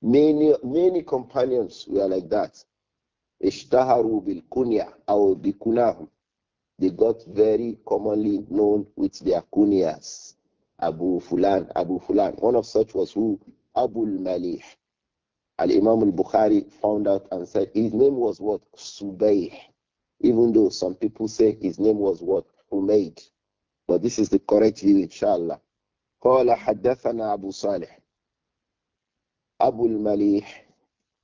Many, many companions were like that. Ishtaharu bil kunya aw bikunahum. They got very commonly known with their kunyas. Abu Fulan, Abu Fulan. One of such was who? Abu al-Malih. Al Imam al Bukhari found out and said his name was what? Subayh. Even though some people say his name was what? Humayd. But this is the correct view, inshallah. قال حدثنا أبو صالح Abu المليح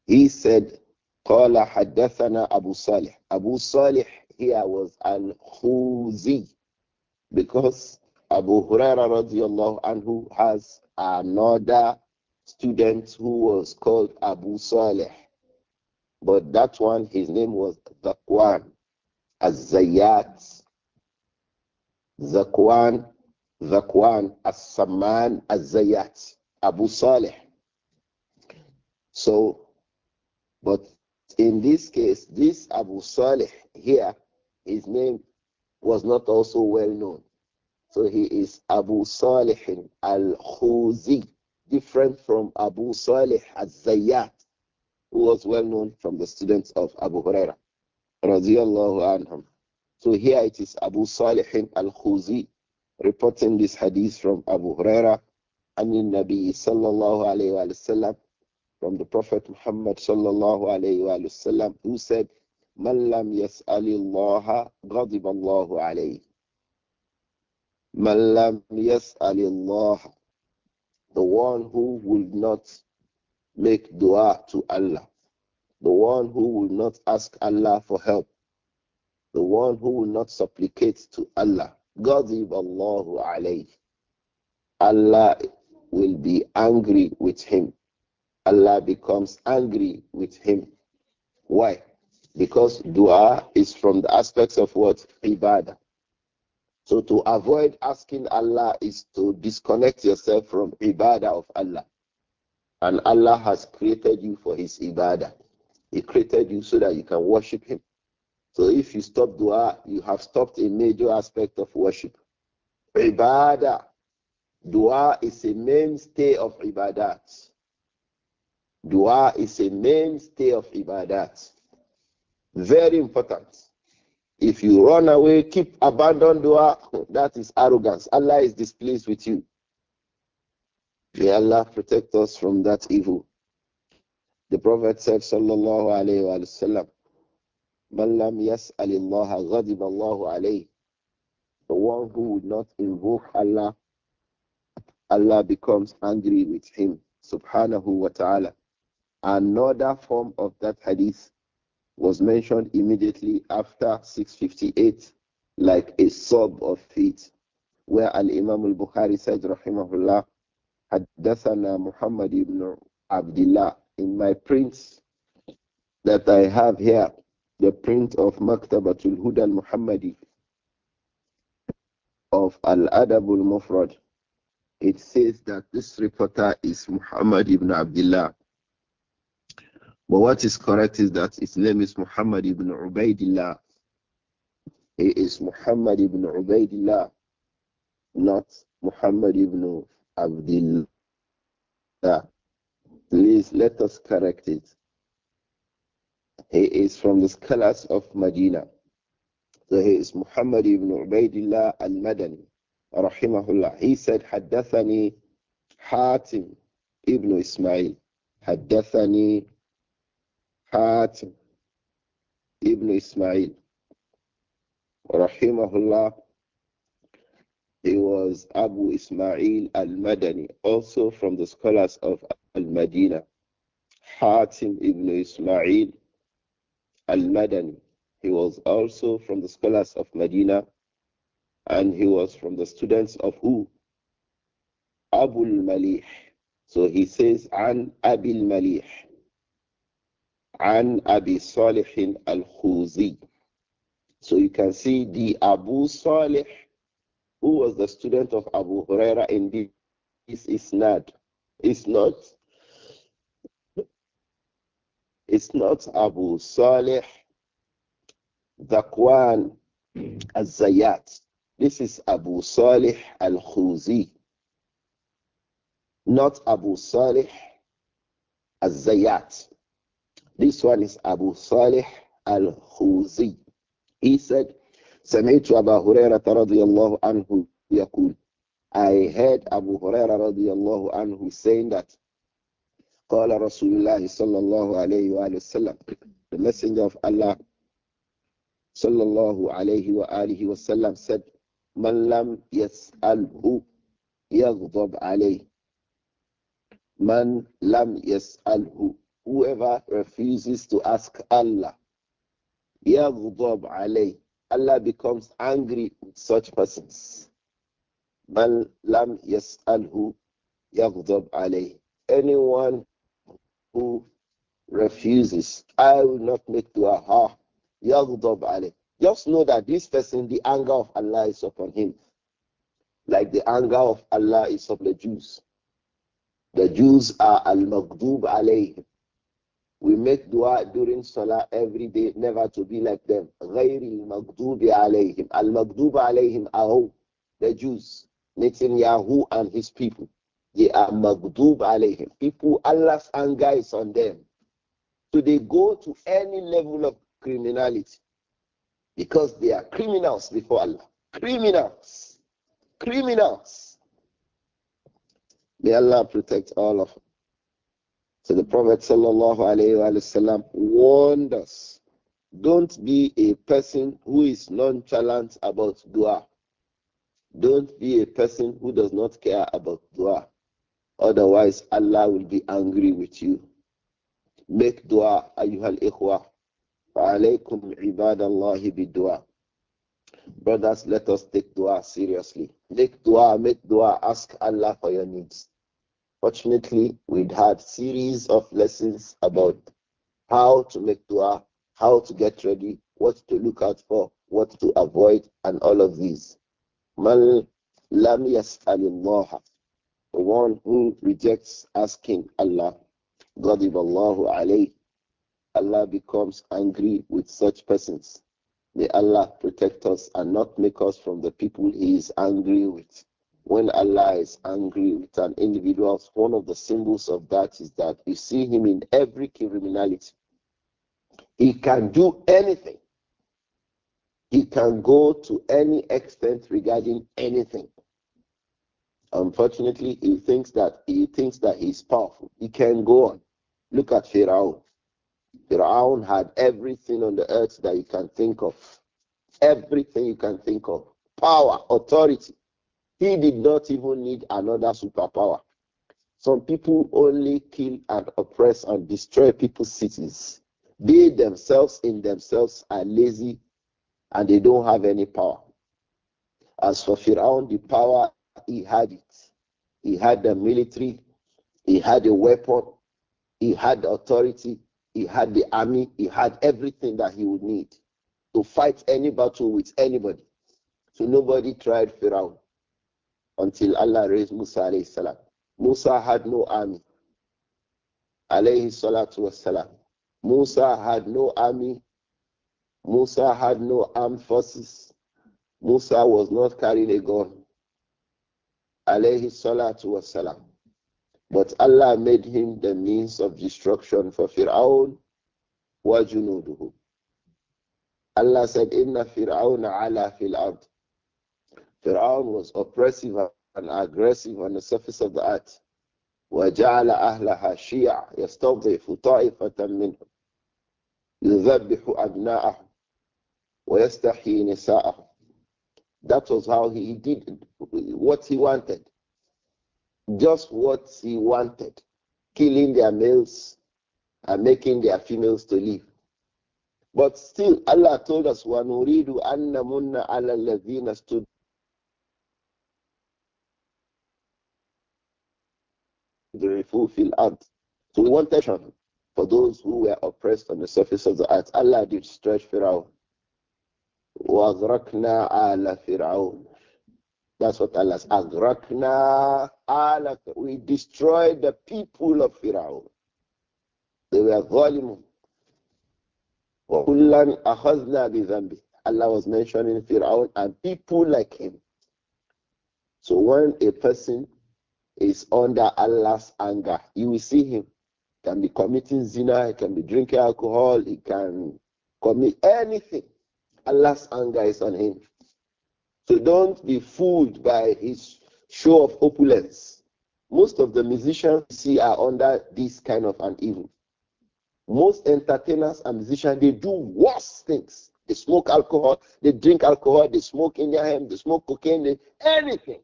he said قال حدثنا أبو صالح Abu صالح here was Khuzi because Abu Huraira radiallahu anhu has another student who was called Abu Saleh. But that one, his name was Zakwan az zayat Zakwan, Zakwan As-Saman az zayat Abu Saleh. So, but in this case, this Abu Saleh here, his name was not also well known. So he is Abu Saleh al-Khuzi different from Abu Salih al-Zayyat, who was well known from the students of Abu Huraira, radiallahu anhum. So here it is Abu Salih al-Khuzi reporting this hadith from Abu Huraira and in Nabi sallallahu alayhi wa sallam from the Prophet Muhammad sallallahu alayhi wa sallam who said, من لم يسأل الله غضب الله عليه من لم يسأل الله the one who will not make dua to Allah, the one who will not ask Allah for help, the one who will not supplicate to Allah. Ghadib Allahu alayhi. Allah will be angry with him. Allah becomes angry with him. Why? Because dua is from the aspects of what? Ibadah. So to avoid asking Allah is to disconnect yourself from ibadah of Allah. And Allah has created you for his ibadah. He created you so that you can worship him. So if you stop dua, you have stopped a major aspect of worship. Ibadah. Dua is a mainstay of ibadat. Dua is a mainstay of ibadat. Very important. If you run away, keep abandon dua, that is arrogance. Allah is displeased with you. May Allah protect us from that evil. The Prophet said, Sallallahu Alaihi Wasallam, "Malam yas'alillaha ghadib Allahu The one who would not invoke Allah, Allah becomes angry with him, subhanahu wa ta'ala. Another form of that hadith was mentioned immediately after 658 like a sub of it where al-Imam al-Bukhari said rahimahullah haddathana Muhammad ibn Abdullah in my prints that I have here the print of Maktabatul Huda al-Muhammadi of Al-Adab al-Mufrad it says that this reporter is Muhammad ibn Abdullah but what is correct is that his name is Muhammad ibn Ubaidillah. He is Muhammad ibn Ubaidillah, not Muhammad ibn Abdullah. Please let us correct it. He is from the scholars of Medina. So he is Muhammad ibn Ubaidillah al-Madani, rahimahullah. He said, حدثني Hatim ibn Ismail. حدثني Hatim ibn Ismail. Rahimahullah. He was Abu Ismail al Madani, also from the scholars of Al Madina. Hatim ibn Ismail al Madani. He was also from the scholars of Medina and he was from the students of who? al Malih. So he says, An Abil Malih. An Abi Salih al-Khuzi. So you can see the Abu Salih, who was the student of Abu Huraira in this is not, it's not, it's not Abu Salih Dhaqwan al-Zayat. This is Abu Salih al-Khuzi, not Abu Salih al-Zayat. This one is Abu Salih al-Khuzi. He said, سمعت أبا هريرة رضي الله عنه يقول I heard Abu Huraira رضي الله عنه saying that قال رسول الله صلى الله عليه وآله وسلم The messenger of Allah صلى الله عليه وآله وسلم said من لم يسأله يغضب عليه من لم يسأله whoever refuses to ask Allah, يغضب عليه. Allah becomes angry with such persons. من لم يسأله يغضب عليه. Anyone who refuses, I will not make dua. Ha. يغضب عليه. Just know that this person, the anger of Allah is upon him. Like the anger of Allah is upon the Jews. The Jews are al-maghdub alayhim. We make dua during salah every day, never to be like them. غَيْرِ الْمَغْضُوبِ عَلَيْهِمْ الْمَغْضُوبِ عَلَيْهِمْ أَهُ The Jews, Netanyahu and his people. They are maghdub alayhim. People, Allah's anger is on them. So they go to any level of criminality because they are criminals before Allah. Criminals. Criminals. May Allah protect all of us. So the Prophet وسلم, warned us don't be a person who is nonchalant about dua. Don't be a person who does not care about dua. Otherwise, Allah will be angry with you. Make dua, ayyuhal ikhwa. Fa'alaykum ibadallahi du'a. Brothers, let us take dua seriously. Make dua, make dua, ask Allah for your needs. Fortunately, we'd had series of lessons about how to make dua, how to get ready, what to look out for, what to avoid, and all of these. Man lam yas'alillah, the one who rejects asking Allah, ghadiballahu alayh. Allah becomes angry with such persons. May Allah protect us and not make us from the people He is angry with. When Allah is angry with an individual, one of the symbols of that is that you see him in every criminality. He can do anything. He can go to any extent regarding anything. Unfortunately, he thinks that he thinks that he's powerful. He can go on. Look at Firaun. Firaun had everything on the earth that you can think of. Everything you can think of. Power, authority. He did not even need another superpower. Some people only kill and oppress and destroy people's cities. They themselves, in themselves, are lazy and they don't have any power. As for Firaun, the power, he had it. He had the military, he had a weapon, he had authority, he had the army, he had everything that he would need to fight any battle with anybody. So nobody tried Firaun until Allah raised Musa alayhi salam. Musa had no army. Alayhi salatu was Musa had no army. Musa had no armed forces. Musa was not carrying a gun. Alayhi salatu was But Allah made him the means of destruction for Fir'aun wa junuduhu. Allah said, Inna Fir'aun ala fil ard. Fir'aun was oppressive and aggressive on the surface of the earth. وجعل أهلها شيعا يستضعف طائفة منهم يذبح أبناءهم ويستحيي نساءهم That was how he did what he wanted. Just what he wanted. Killing their males and making their females to leave. But still, Allah told us, وَنُرِيدُ أَنَّ مُنَّ عَلَى الَّذِينَ fulfill ard. So we want protection for those who were oppressed on the surface of the earth. Allah did stretch Pharaoh. وَأَغْرَقْنَا عَلَى فِرْعَوْنَ That's what Allah says. We destroyed the people of Pharaoh. They were ظالمون وَكُلًّا أَخَذْنَا بِذَنْبِهِ Allah was mentioning Pharaoh and people like him. So when a person is under Allah's anger. You will see him he can be committing zina, he can be drinking alcohol, he can commit anything. Allah's anger is on him. So don't be fooled by his show of opulence. Most of the musicians see are under this kind of an evil. Most entertainers and musicians they do worse things. They smoke alcohol, they drink alcohol, they smoke Indian hemp, they smoke cocaine, they, anything.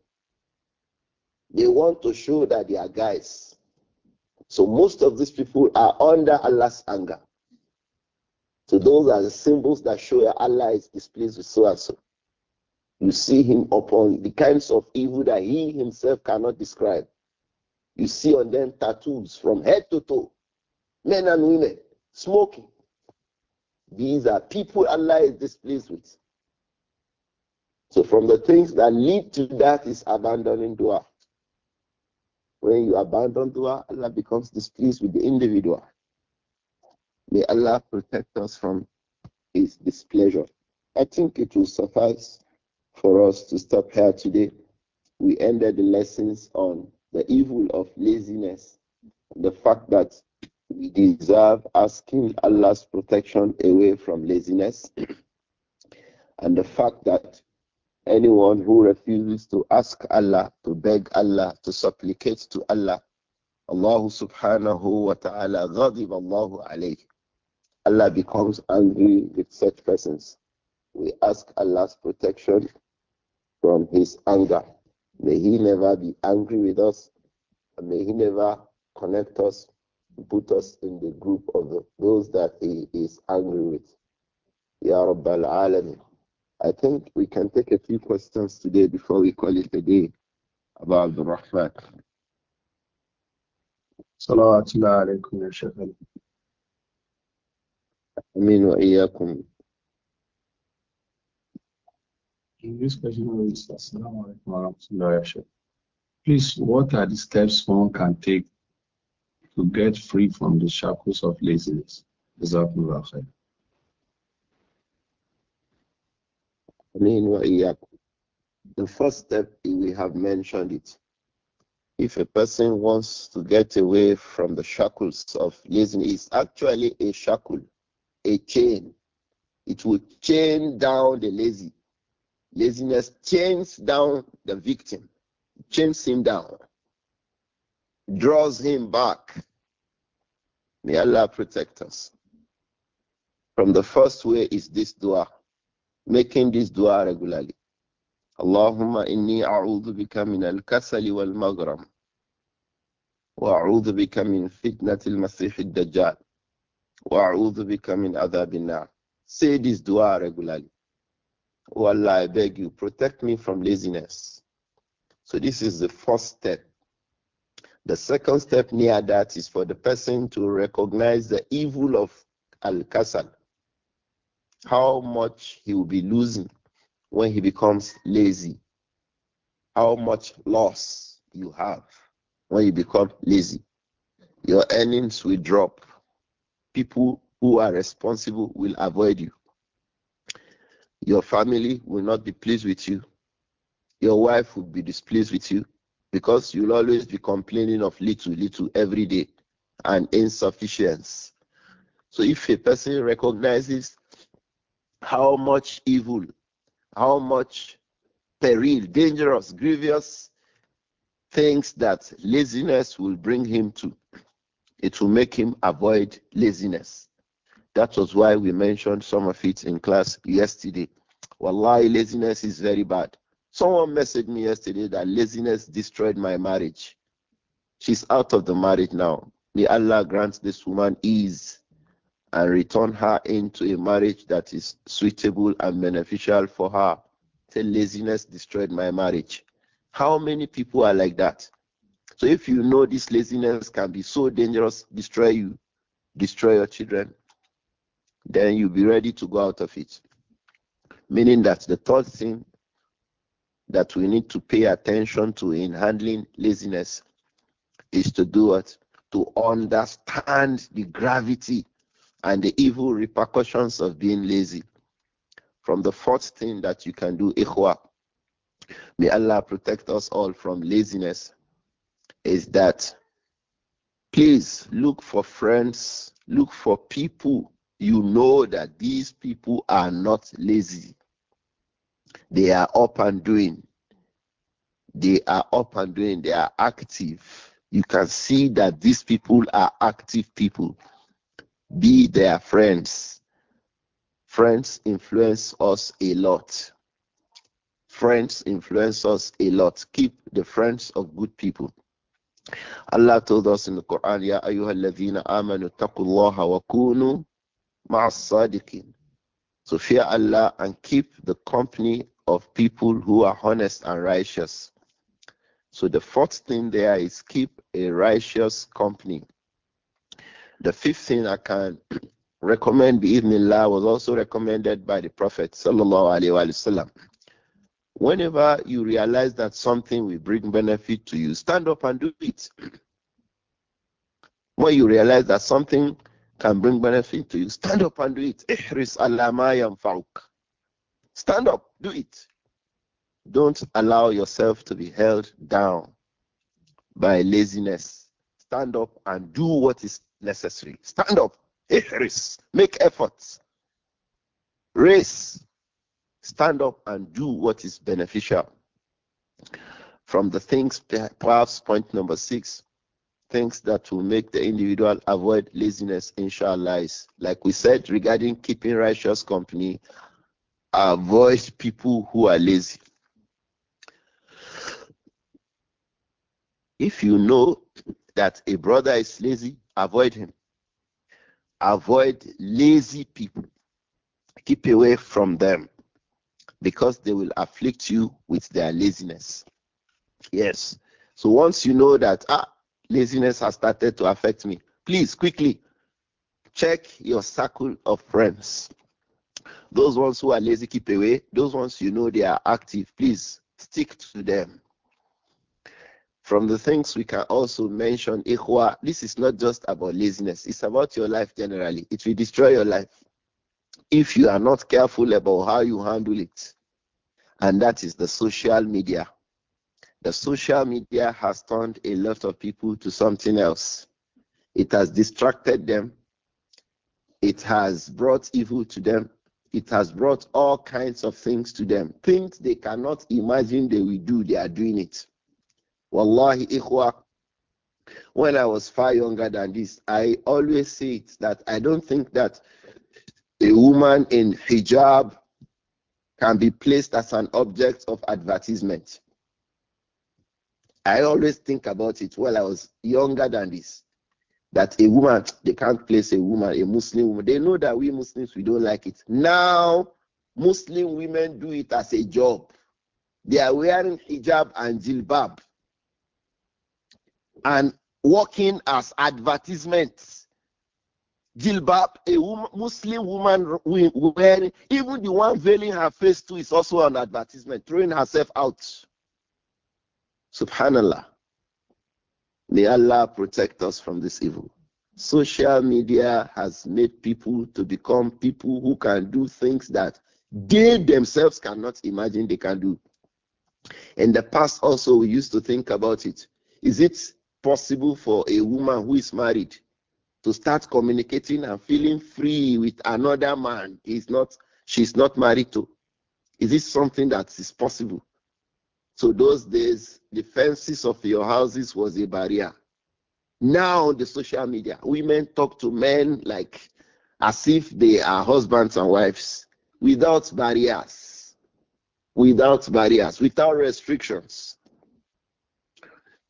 They want to show that they are guys. So most of these people are under Allah's anger. So those are the symbols that show that Allah is displeased with so and so. You see him upon the kinds of evil that he himself cannot describe. You see on them tattoos from head to toe, men and women, smoking. These are people Allah is displeased with. So from the things that lead to that is abandoning dua. When you abandon dua, Allah becomes displeased with the individual. May Allah protect us from His displeasure. I think it will suffice for us to stop here today. We ended the lessons on the evil of laziness, the fact that we deserve asking Allah's protection away from laziness, and the fact that Anyone who refuses to ask Allah, to beg Allah, to supplicate to Allah, Allah subhanahu wa ta'ala ghadib Allahu alayhi. Allah becomes angry with such persons. We ask Allah's protection from his anger. May he never be angry with us. May he never connect us, put us in the group of the, those that he is angry with. Ya Rabbal Alameen. I think we can take a few questions today before we call it a day about the Rahman. Salawatullah alaikum ya This question Please, what are the steps one can take to get free from the shackles of laziness? Jazakumullah khair. The first step, we have mentioned it. If a person wants to get away from the shackles of laziness, it's actually a shackle, a chain. It will chain down the lazy. Laziness chains down the victim, chains him down, draws him back. May Allah protect us. From the first way is this dua making this dua regularly. Allahumma inni a'udhu bika min al-kasali wal-maghram wa a'udhu bika min fitnati al-masih al-dajjal wa a'udhu bika min adhab an Say this dua regularly. Oh Allah, I beg you, protect me from laziness. So this is the first step. The second step near that is for the person to recognize the evil of al-kasal how much he will be losing when he becomes lazy, how much loss you have when you become lazy. Your earnings will drop. People who are responsible will avoid you. Your family will not be pleased with you. Your wife will be displeased with you because you'll always be complaining of little, little every day and insufficiency. So if a person recognizes how much evil, how much peril, dangerous, grievous things that laziness will bring him to. It will make him avoid laziness. That was why we mentioned some of it in class yesterday. Wallahi, laziness is very bad. Someone messaged me yesterday that laziness destroyed my marriage. She's out of the marriage now. May Allah grant this woman ease and return her into a marriage that is suitable and beneficial for her. Say, laziness destroyed my marriage. How many people are like that? So if you know this laziness can be so dangerous, destroy you, destroy your children, then you'll be ready to go out of it. Meaning that the third thing that we need to pay attention to in handling laziness is to do it, to understand the gravity and the evil repercussions of being lazy. From the fourth thing that you can do, ikhwa, may Allah protect us all from laziness, is that please look for friends, look for people you know that these people are not lazy. They are up and doing. They are up and doing. They are active. You can see that these people are active people. Be their friends. Friends influence us a lot. Friends influence us a lot. Keep the friends of good people. Allah told us in the Quran, Ya ayyuhalladhina amanu taqullaha wa kunu ma'as-sadiqin. So fear Allah and keep the company of people who are honest and righteous. So the fourth thing there is keep a righteous company. The fifth thing I can recommend, law, was also recommended by the Prophet sallallahu Whenever you realize that something will bring benefit to you, stand up and do it. When you realize that something can bring benefit to you, stand up and do it. Stand up, do it. Don't allow yourself to be held down by laziness. Stand up and do what is necessary. Stand up. Ihris. Make efforts. Race. Stand up and do what is beneficial. From the things, perhaps point number six, things that will make the individual avoid laziness, inshallah, is like we said regarding keeping righteous company, avoid people who are lazy. If you know that a brother is lazy, Avoid him. Avoid lazy people. Keep away from them because they will afflict you with their laziness. Yes. So once you know that, ah, laziness has started to affect me, please quickly check your circle of friends. Those ones who are lazy, keep away. Those ones you know they are active, please stick to them. From the things we can also mention, ikhwa, this is not just about laziness, it's about your life generally. It will destroy your life if you are not careful about how you handle it. And that is the social media. The social media has turned a lot of people to something else. It has distracted them. It has brought evil to them. It has brought all kinds of things to them. Things they cannot imagine they will do, they are doing it. Wallahi, ikhwa, when I was far younger than this, I always say it that I don't think that a woman in hijab can be placed as an object of advertisement. I always think about it while I was younger than this that a woman, they can't place a woman, a Muslim woman. They know that we Muslims, we don't like it. Now, Muslim women do it as a job. They are wearing hijab and jilbab and working as advertisements. Gilbab, a woman, Muslim woman wearing, even the one veiling her face too, is also an advertisement, throwing herself out. Subhanallah. May Allah protect us from this evil. Social media has made people to become people who can do things that they themselves cannot imagine they can do. In the past, also, we used to think about it. Is it possible for a woman who is married to start communicating and feeling free with another man is not she's not married to is this something that is possible so those days the fences of your houses was a barrier now the social media women talk to men like as if they are husbands and wives without barriers without barriers without restrictions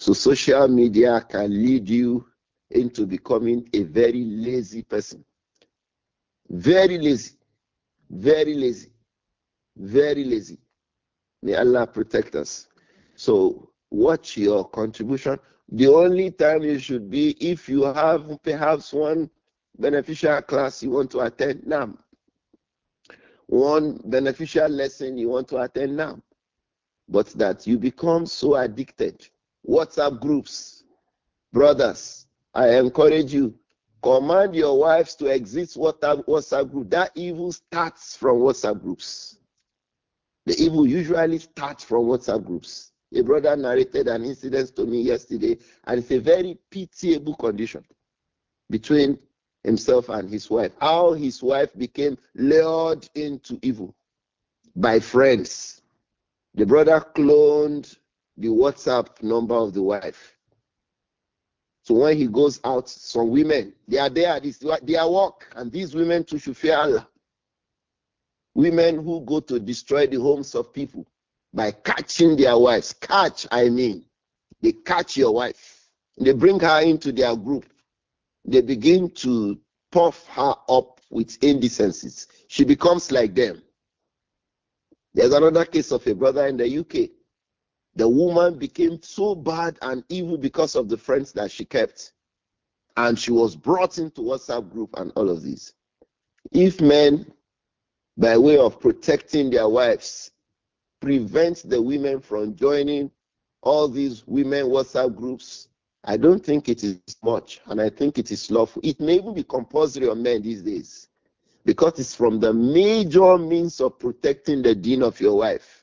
so social media can lead you into becoming a very lazy person. Very lazy. Very lazy. Very lazy. May Allah protect us. So watch your contribution. The only time you should be if you have perhaps one beneficial class you want to attend now. One beneficial lesson you want to attend now. But that you become so addicted WhatsApp groups. Brothers, I encourage you, command your wives to exit WhatsApp, WhatsApp group. That evil starts from WhatsApp groups. The evil usually starts from WhatsApp groups. A brother narrated an incident to me yesterday, and it's a very pitiable condition between himself and his wife. How his wife became lured into evil by friends. The brother cloned the WhatsApp number of the wife. So when he goes out, some women, they are there, this their work, and these women too should fear Allah. Women who go to destroy the homes of people by catching their wives. Catch, I mean, they catch your wife. They bring her into their group. They begin to puff her up with indecencies. She becomes like them. There's another case of a brother in the UK the woman became so bad and evil because of the friends that she kept. And she was brought into WhatsApp group and all of these. If men, by way of protecting their wives, prevent the women from joining all these women WhatsApp groups, I don't think it is much. And I think it is lawful. It may even be compulsory on men these days because it's from the major means of protecting the dean of your wife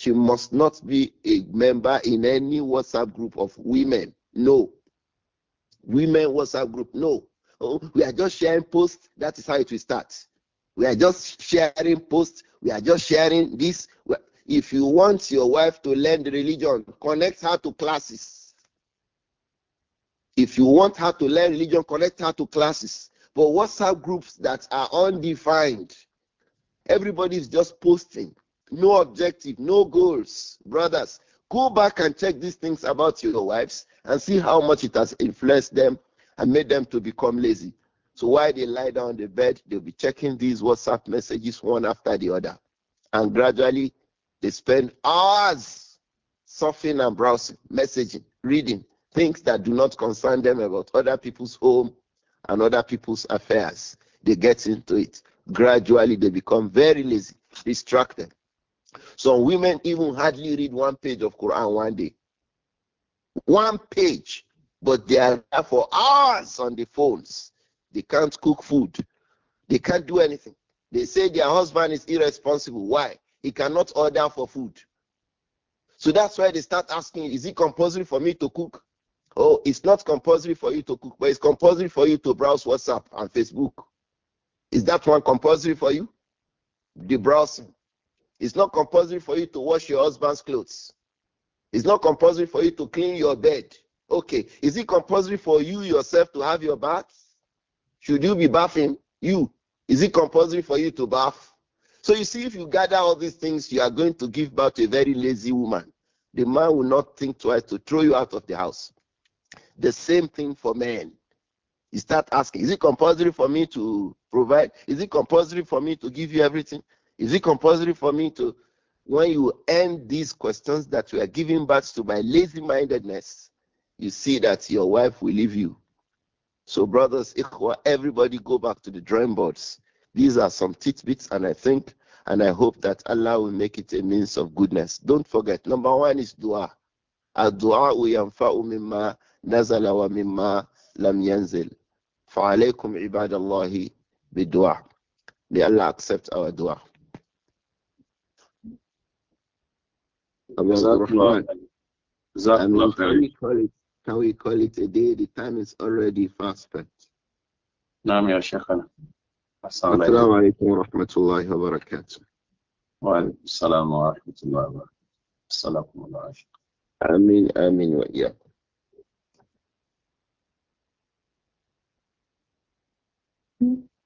she must not be a member in any WhatsApp group of women. No. Women WhatsApp group. No. Oh, we are just sharing posts. That is how it will start. We are just sharing posts. We are just sharing this. If you want your wife to learn the religion, connect her to classes. If you want her to learn religion, connect her to classes. But WhatsApp groups that are undefined, everybody is just posting no objective, no goals. Brothers, go back and check these things about your wives and see how much it has influenced them and made them to become lazy. So while they lie down on the bed, they'll be checking these WhatsApp messages one after the other. And gradually, they spend hours surfing and browsing, messaging, reading things that do not concern them about other people's home and other people's affairs. They get into it. Gradually, they become very lazy, distracted. Some women even hardly read one page of Quran one day. One page, but they are there for hours on the phones. They can't cook food. They can't do anything. They say their husband is irresponsible. Why? He cannot order for food. So that's why they start asking, is it compulsory for me to cook? Oh, it's not compulsory for you to cook, but it's compulsory for you to browse WhatsApp and Facebook. Is that one compulsory for you? The browsing. It's not compulsory for you to wash your husband's clothes. It's not compulsory for you to clean your bed. Okay. Is it compulsory for you yourself to have your bath? Should you be bathing? You. Is it compulsory for you to bath? So you see, if you gather all these things, you are going to give birth to a very lazy woman. The man will not think twice to throw you out of the house. The same thing for men. You start asking, is it compulsory for me to provide? Is it compulsory for me to give you everything? Is it compulsory for me to, when you end these questions that you are giving birth to my lazy mindedness, you see that your wife will leave you. So, brothers, everybody go back to the drawing boards. These are some tidbits, and I think and I hope that Allah will make it a means of goodness. Don't forget, number one is dua. الدعاء ينفع مما نزل ومما لم ينزل فعليكم عباد الله بالدعاء may Allah accept our dua I mean, can, we call it, can we call it a day? The time is already fast spent. نعم يا شيخنا السلام عليكم. عليكم ورحمة الله وبركاته وعليكم السلام ورحمة الله وبركاته السلام عليكم آمين آمين وإياكم Mm-hmm.